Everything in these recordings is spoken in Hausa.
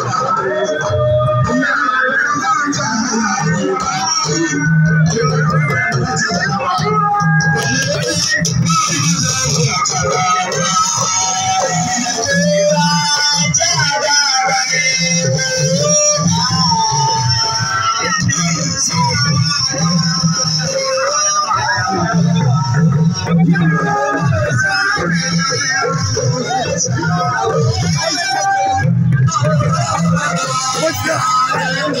Thank you.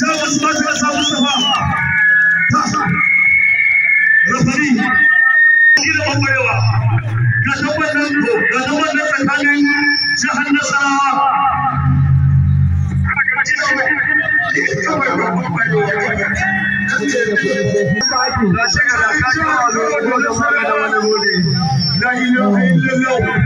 ja wasu ba su rafari tsakanin jihar da yau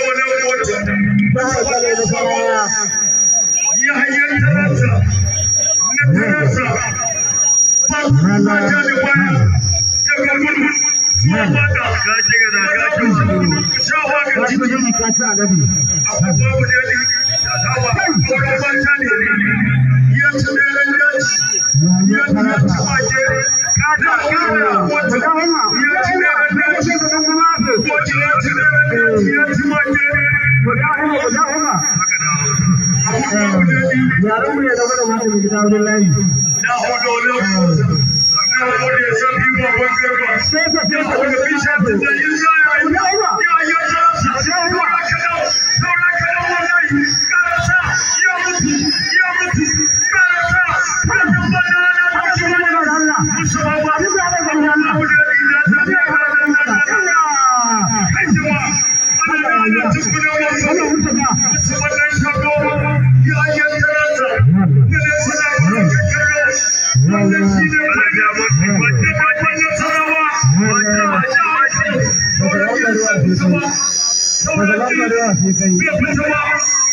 jihar Kano da Sarawa ya hanyar tarasa na kuma da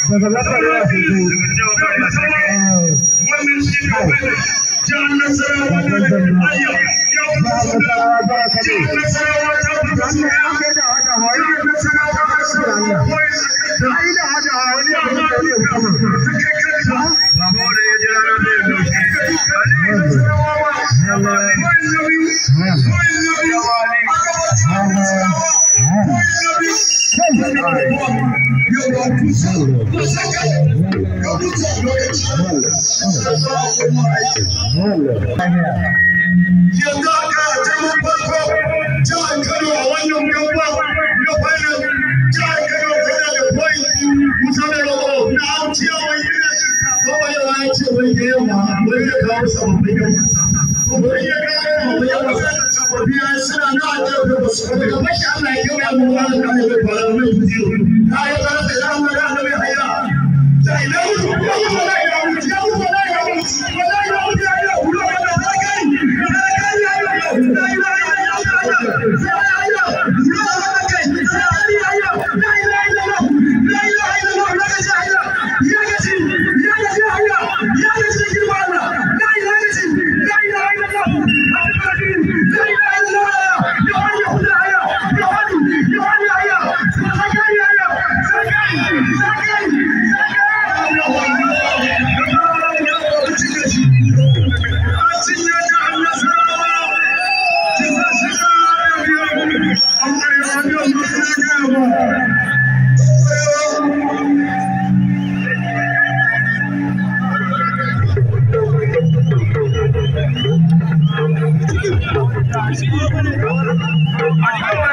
daga lafari a fito jihar nasarawa da da da 不参加，不参我的钱。上班回的二万九千块，来接我爷我回来看我小朋友，我都不吃，我不想 Thank you.